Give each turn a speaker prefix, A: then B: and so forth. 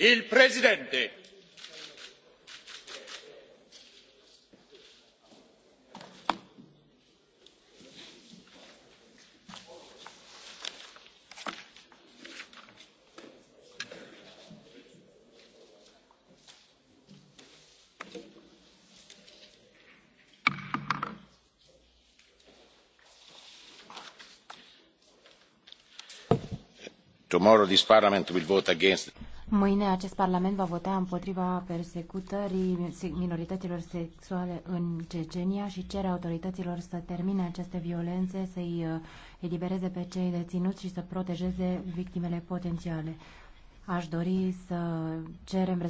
A: Il Presidente.
B: tomorrow this parliament will vote against.
C: Mâine acest Parlament va vota împotriva persecutării minorităților sexuale în Cecenia și cere autorităților să termine aceste violențe, să-i uh, elibereze pe cei deținuți și să protejeze victimele potențiale. Aș dori să cerem